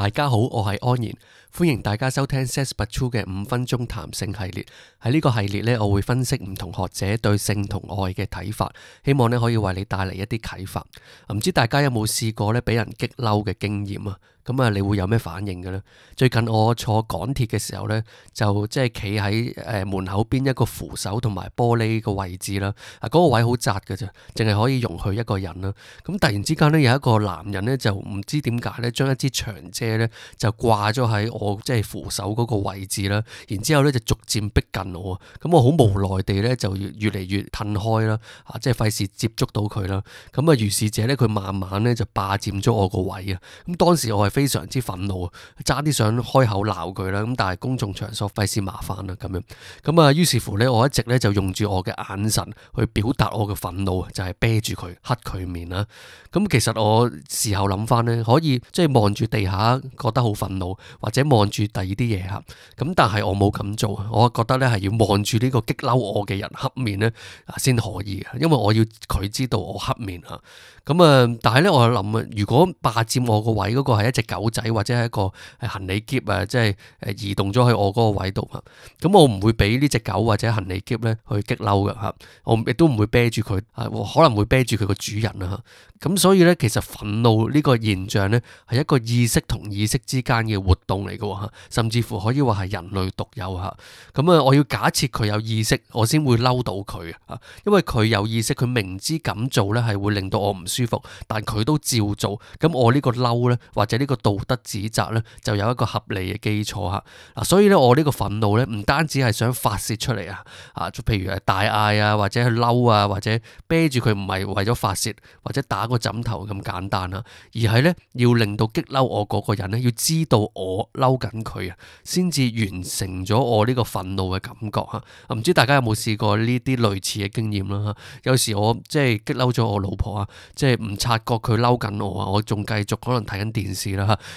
大家好，我係安然，歡迎大家收聽 Sex But True 嘅五分鐘談性系列。喺呢個系列咧，我會分析唔同學者對性同愛嘅睇法，希望咧可以為你帶嚟一啲啟發。唔知大家有冇試過咧俾人激嬲嘅經驗啊？咁啊，你會有咩反應嘅咧？最近我坐港鐵嘅時候咧，就即係企喺誒門口邊一個扶手同埋玻璃個位置啦。嗱，嗰個位好窄嘅咋，淨係可以容許一個人啦。咁突然之間咧，有一個男人咧，就唔知點解咧，將一支長遮咧就掛咗喺我即係扶手嗰個位置啦。然之後咧，就逐漸逼近我，咁我好無奈地咧，就越越嚟越褪開啦，啊，即係費事接觸到佢啦。咁啊，如是者咧，佢慢慢咧就霸佔咗我個位啊。咁當時我係非常之憤怒，差啲想開口鬧佢啦，咁但係公眾場所費事麻煩啦，咁樣咁啊，於是乎呢，我一直呢就用住我嘅眼神去表達我嘅憤怒，就係啤住佢，黑佢面啦。咁其實我事後諗翻呢，可以即係望住地下，覺得好憤怒，或者望住第二啲嘢吓，咁但係我冇咁做，我覺得呢係要望住呢個激嬲我嘅人黑面呢先可以嘅，因為我要佢知道我黑面啊。咁啊，但係呢，我諗啊，如果霸佔我個位嗰個係一直，狗仔或者係一個行李篋啊，即係誒移動咗去我嗰個位度啊，咁我唔會俾呢隻狗或者行李篋咧去激嬲嘅吓，我亦都唔會啤住佢，可能會啤住佢個主人啊，咁所以咧其實憤怒呢個現象咧係一個意識同意識之間嘅活動嚟嘅吓，甚至乎可以話係人類獨有吓，咁啊我要假設佢有意識，我先會嬲到佢啊，因為佢有意識，佢明知咁做咧係會令到我唔舒服，但佢都照做，咁我個呢個嬲咧或者呢、這個？個道德指責咧就有一個合理嘅基礎吓嗱，所以咧我呢個憤怒咧唔單止係想發泄出嚟啊，啊，譬如係大嗌啊，或者去嬲啊，或者啤住佢，唔係為咗發泄，或者打個枕頭咁簡單啊，而係咧要令到激嬲我嗰個人咧，要知道我嬲緊佢啊，先至完成咗我呢個憤怒嘅感覺吓。唔知大家有冇試過呢啲類似嘅經驗啦？有時我即係激嬲咗我老婆啊，即係唔察覺佢嬲緊我啊，我仲繼續可能睇緊電視。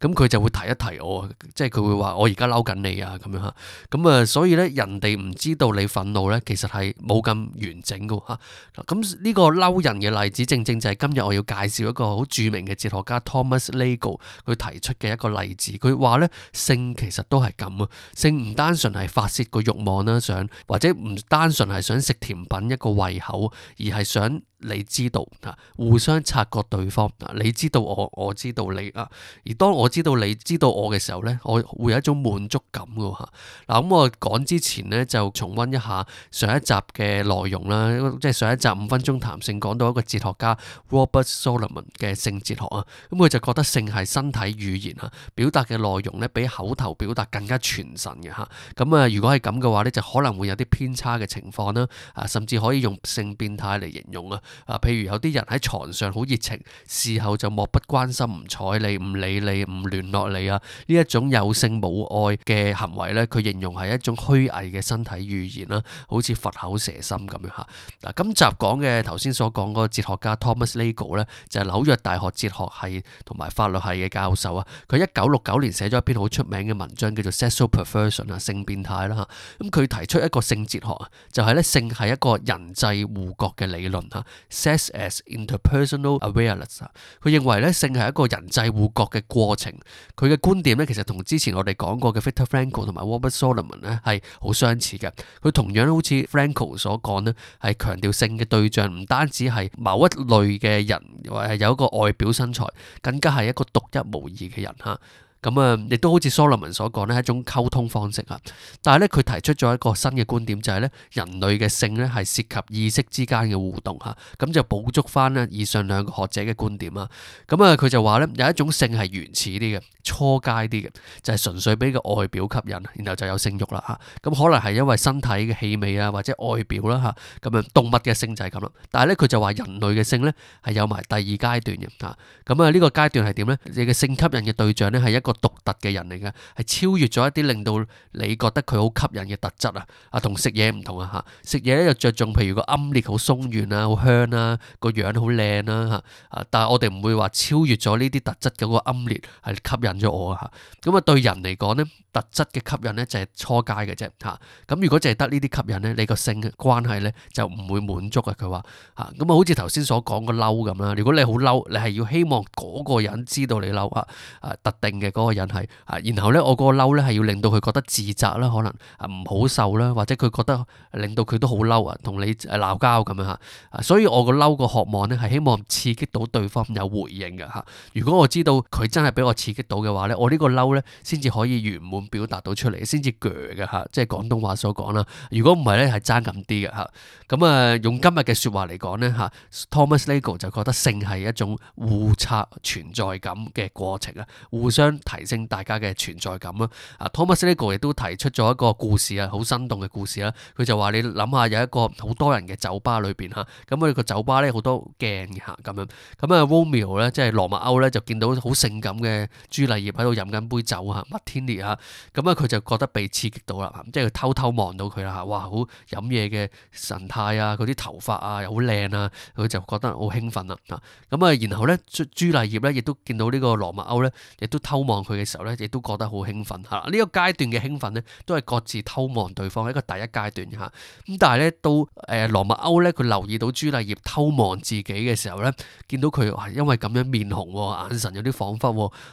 咁佢就會提一提我，即係佢會話我而家嬲緊你啊咁樣吓，咁啊所以呢，人哋唔知道你憤怒呢，其實係冇咁完整噶吓。咁呢個嬲人嘅例子，正正就係今日我要介紹一個好著名嘅哲學家 Thomas Nagel 佢提出嘅一個例子。佢話呢，性其實都係咁啊，性唔單純係發泄個欲望啦，想或者唔單純係想食甜品一個胃口，而係想。你知道啊，互相察覺對方啊，你知道我，我知道你啊。而當我知道你知道我嘅時候呢，我會有一種滿足感嘅喎嚇。嗱，咁、嗯、我講之前呢，就重溫一下上一集嘅內容啦，即係上一集五分鐘談性講到一個哲學家 Robert Solomon 嘅性哲學啊。咁、嗯、佢就覺得性係身體語言啊，表達嘅內容呢，比口頭表達更加傳神嘅嚇。咁、嗯、啊，如果係咁嘅話呢，就可能會有啲偏差嘅情況啦啊，甚至可以用性變態嚟形容啊。啊，譬如有啲人喺床上好熱情，事後就漠不關心，唔睬你，唔理你，唔聯絡你啊！呢一種有性冇愛嘅行為咧，佢形容係一種虛偽嘅身體語言啦，好似佛口蛇心咁樣嚇。嗱，今集講嘅頭先所講嗰個哲學家 Thomas Nagel 呢，就係紐約大學哲學系同埋法律系嘅教授啊。佢一九六九年寫咗一篇好出名嘅文章，叫做《Sexual Perversion》啊，性變態啦嚇。咁佢提出一個性哲學啊，就係、是、呢性係一個人際互覺嘅理論嚇。Sex as interpersonal awareness，佢認為咧，性係一個人際互覺嘅過程。佢嘅觀點咧，其實同之前我哋講過嘅 Viktor Frankl 同埋 Robert Solomon 咧係好相似嘅。佢同樣好似 Frankl 所講咧，係強調性嘅對象唔單止係某一類嘅人，或係有一個外表身材，更加係一個獨一無二嘅人嚇。咁啊，亦都好似 Solomon 所講咧，一種溝通方式啊。但係咧，佢提出咗一個新嘅觀點，就係咧人類嘅性咧係涉及意識之間嘅互動嚇。咁就補足翻咧以上兩個學者嘅觀點啊。咁啊，佢就話咧有一種性係原始啲嘅、初階啲嘅，就係純粹俾個外表吸引，然後就有性慾啦嚇。咁可能係因為身體嘅氣味啊，或者外表啦嚇。咁樣動物嘅性就係咁啦。但係咧，佢就話人類嘅性咧係有埋第二階段嘅嚇。咁啊，呢個階段係點咧？你嘅性吸引嘅對象咧係一個獨特嘅人嚟嘅，係超越咗一啲令到你覺得佢好吸引嘅特質啊！啊，同食嘢唔同啊吓，食嘢咧就着重，譬如個奄列好鬆軟啦，好香啦，個樣好靚啦吓啊！但係我哋唔會話超越咗呢啲特質嘅嗰個奄列係吸引咗我啊吓。咁啊，對人嚟講咧，特質嘅吸引咧就係初階嘅啫吓。咁如果淨係得呢啲吸引咧，你個性關係咧就唔會滿足啊。佢話吓咁啊，好似頭先所講個嬲咁啦。如果你好嬲，你係要希望嗰個人知道你嬲啊啊！特定嘅嗰個人係啊，然後咧，我個嬲咧係要令到佢覺得自責啦，可能啊唔好受啦，或者佢覺得令到佢都好嬲啊，同你誒鬧交咁樣吓，所以我個嬲個渴望咧係希望刺激到對方有回應嘅吓。如果我知道佢真係俾我刺激到嘅話咧，我呢個嬲咧先至可以圓滿表達到出嚟，先至鋸嘅吓，即係廣東話所講啦。如果唔係咧，係爭咁啲嘅吓。咁、嗯、啊，用今日嘅說話嚟講咧吓，Thomas Nagel 就覺得性係一種互插存在感嘅過程啊，互相。提升大家嘅存在感咯。阿 Thomas Nagel 亦都提出咗一個故事啊，好生動嘅故事啦。佢就話：「你諗下有一個好多人嘅酒吧裏邊嚇，咁佢個酒吧咧好多鏡吓咁樣。」咁啊，Romeo 咧即係羅密歐咧就見到好性感嘅朱麗葉喺度飲緊杯酒嚇，Matilia 嚇，咁啊佢就覺得被刺激到啦，即係佢偷偷望到佢啦吓，哇好飲嘢嘅神態啊，佢啲頭髮啊又好靚啊，佢就覺得好興奮啦嚇。咁啊，然後咧朱朱麗葉咧亦都見到呢個羅密歐咧亦都偷望。望佢嘅時候咧，亦都覺得好興奮吓。呢、啊呢個階段嘅興奮咧，都係各自偷望對方一個第一階段吓。咁但係咧，到誒羅密歐咧，佢留意到朱麗葉偷望自己嘅時候咧，見到佢係因為咁樣面紅，眼神有啲恍惚。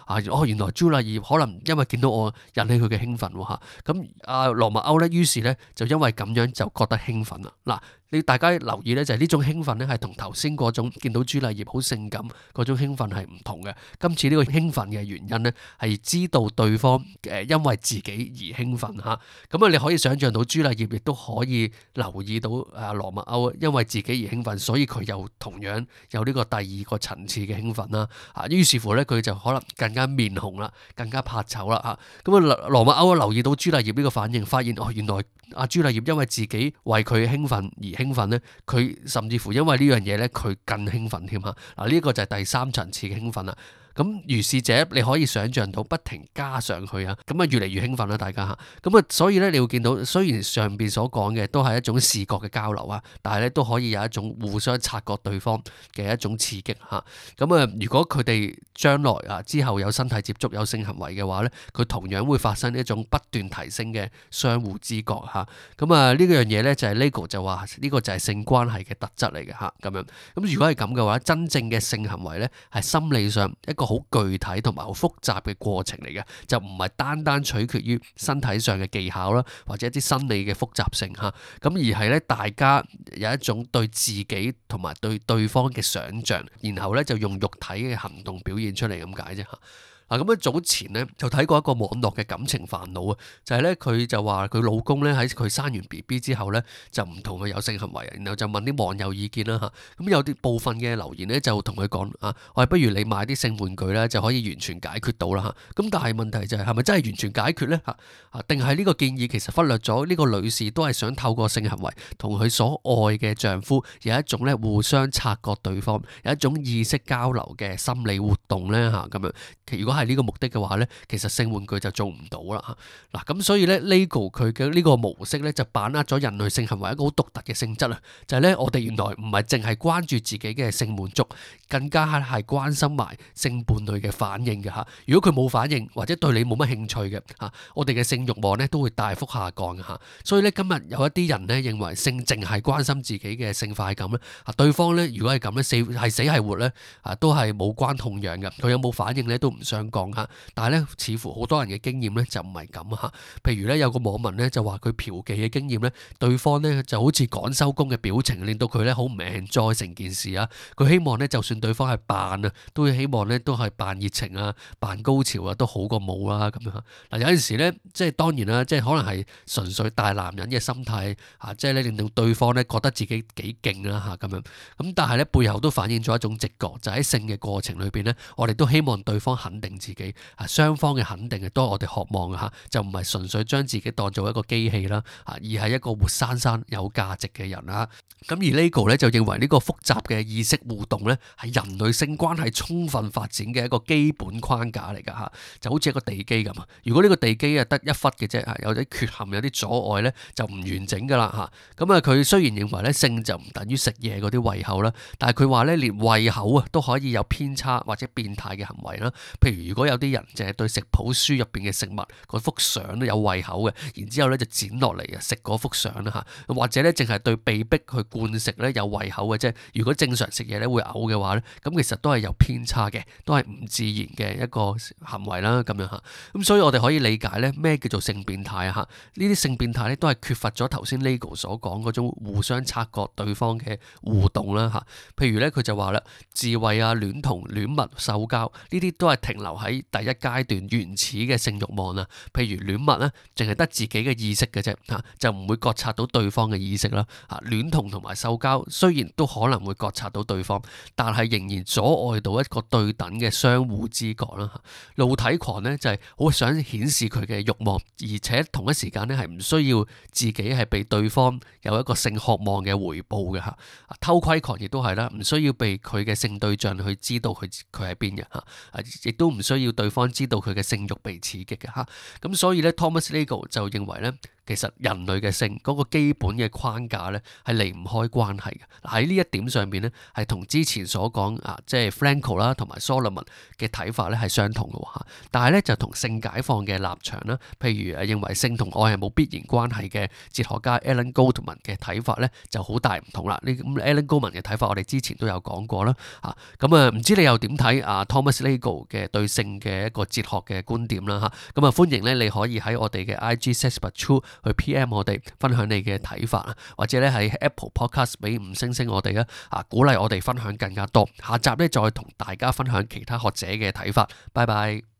啊哦，原來朱麗葉可能因為見到我引起佢嘅興奮吓。咁阿羅密歐咧，於是咧就因為咁樣就覺得興奮啦嗱。啊你大家留意咧，就係呢種興奮咧，係同頭先嗰種見到朱麗葉好性感嗰種興奮係唔同嘅。今次呢個興奮嘅原因咧，係知道對方誒因為自己而興奮吓，咁啊，你可以想像到朱麗葉亦都可以留意到啊羅密歐因為自己而興奮，所以佢又同樣有呢個第二個層次嘅興奮啦。啊，於是乎咧，佢就可能更加面紅啦，更加怕醜啦吓，咁啊，羅密歐留意到朱麗葉呢個反應，發現哦，原來，阿朱麗葉因為自己為佢興奮而興奮咧，佢甚至乎因為呢樣嘢咧，佢更興奮添吓。嗱，呢個就係第三層次嘅興奮啦。咁如是者，你可以想象到不停加上去啊，咁啊越嚟越興奮啦，大家吓，咁啊所以咧，你會見到雖然上邊所講嘅都係一種視覺嘅交流啊，但係咧都可以有一種互相察覺對方嘅一種刺激吓，咁啊如果佢哋將來啊之後有身體接觸有性行為嘅話咧，佢同樣會發生一種不斷提升嘅相互知覺吓，咁啊呢個樣嘢咧就係呢個就話呢個就係性關係嘅特質嚟嘅吓，咁樣，咁如果係咁嘅話，真正嘅性行為咧係心理上一。個好具體同埋好複雜嘅過程嚟嘅，就唔係單單取決於身體上嘅技巧啦，或者一啲心理嘅複雜性吓，咁而係咧大家有一種對自己同埋對對方嘅想象，然後咧就用肉體嘅行動表現出嚟咁解啫吓。嗱，咁樣早前咧就睇過一個網絡嘅感情煩惱啊，就係咧佢就話佢老公咧喺佢生完 BB 之後咧就唔同佢有性行為，然後就問啲網友意見啦嚇。咁有啲部分嘅留言咧就同佢講啊，喂，不如你買啲性玩具咧就可以完全解決到啦嚇。咁但係問題就係係咪真係完全解決咧嚇？啊，定係呢個建議其實忽略咗呢個女士都係想透過性行為同佢所愛嘅丈夫有一種咧互相察覺對方有一種意識交流嘅心理活動咧嚇咁樣。其實如果係係呢個目的嘅話咧，其實性玩具就做唔到啦。嗱，咁所以咧，Nagel 佢嘅呢個模式咧，就把握咗人類性行為一個好獨特嘅性質啦。就係咧，我哋原來唔係淨係關注自己嘅性滿足，更加係關心埋性伴侶嘅反應嘅吓。如果佢冇反應，或者對你冇乜興趣嘅吓，我哋嘅性欲望咧都會大幅下降嘅吓。所以咧，今日有一啲人咧認為性淨係關心自己嘅性快感咧，啊，對方咧如果係咁樣咧，死係死係活咧啊，都係冇關痛癢嘅。佢有冇反應咧都唔相。講吓，但係咧似乎好多人嘅經驗咧就唔係咁吓，譬如咧有個網民咧就話佢嫖妓嘅經驗咧，對方，咧就好似趕收工嘅表情，令到佢咧好唔 e n 成件事啊。佢希望咧就算對方係扮啊，都會希望咧都係扮熱情啊，扮高潮啊，都好過冇啊。咁樣嗱，有陣時咧，即係當然啦，即係可能係純粹大男人嘅心態啊，即係咧令到對方咧覺得自己幾勁啦吓咁樣。咁但係咧背後都反映咗一種直覺，就喺、是、性嘅過程裏邊咧，我哋都希望對方肯定自己啊，雙方嘅肯定啊，都係我哋渴望嘅嚇，就唔係純粹將自己當做一個機器啦，啊，而係一個活生生有價值嘅人啊。咁而 Nagel 咧就認為呢個複雜嘅意識互動咧，係人類性關係充分發展嘅一個基本框架嚟㗎嚇，就好似一個地基咁。如果呢個地基啊得一忽嘅啫嚇，有啲缺陷、有啲阻礙咧，就唔完整㗎啦嚇。咁啊，佢雖然認為咧性就唔等於食嘢嗰啲胃口啦，但係佢話咧連胃口啊都可以有偏差或者變態嘅行為啦，譬如。如果有啲人淨係對食譜書入邊嘅食物嗰幅相咧有胃口嘅，然之後咧就剪落嚟啊食嗰幅相啦嚇，或者咧淨係對被逼去灌食咧有胃口嘅啫。如果正常食嘢咧會嘔嘅話咧，咁其實都係有偏差嘅，都係唔自然嘅一個行為啦咁樣嚇。咁所以我哋可以理解咧咩叫做性變態啊嚇？呢啲性變態咧都係缺乏咗頭先 Nagel 所講嗰種互相察覺對方嘅互動啦嚇。譬如咧佢就話啦，自慰啊、戀童、戀物、獸交呢啲都係停留留喺第一階段原始嘅性欲望啊，譬如戀物咧，淨係得自己嘅意識嘅啫，吓，就唔會覺察到對方嘅意識啦。吓，戀童同埋獸交雖然都可能會覺察到對方，但係仍然阻礙到一個對等嘅相互知覺啦。吓，露體狂咧就係好想顯示佢嘅慾望，而且同一時間咧係唔需要自己係被對方有一個性渴望嘅回報嘅嚇。偷窺狂亦都係啦，唔需要被佢嘅性對象去知道佢佢喺邊嘅啊，亦都唔。需要對方知道佢嘅性慾被刺激嘅吓，咁、啊、所以咧，Thomas Nagel 就認為咧。其實人類嘅性嗰個基本嘅框架咧，係離唔開關係嘅。喺呢一點上邊咧，係同之前所講啊，即係 Franco 啦，同埋 Solomon 嘅睇法咧係相同嘅話，但係咧就同性解放嘅立場啦，譬如啊認為性同愛係冇必然關係嘅哲學家 Alan Goldman 嘅睇法咧就好大唔同啦。呢咁 Alan Goldman 嘅睇法我哋之前都有講過啦，嚇咁啊唔知你又點睇啊 Thomas Nagel 嘅對性嘅一個哲學嘅觀點啦？嚇咁啊歡迎咧你可以喺我哋嘅 IG SexButTr 去 PM 我哋分享你嘅睇法，或者咧喺 Apple Podcast 俾五星星我哋啦，啊鼓勵我哋分享更加多。下集咧再同大家分享其他學者嘅睇法。拜拜。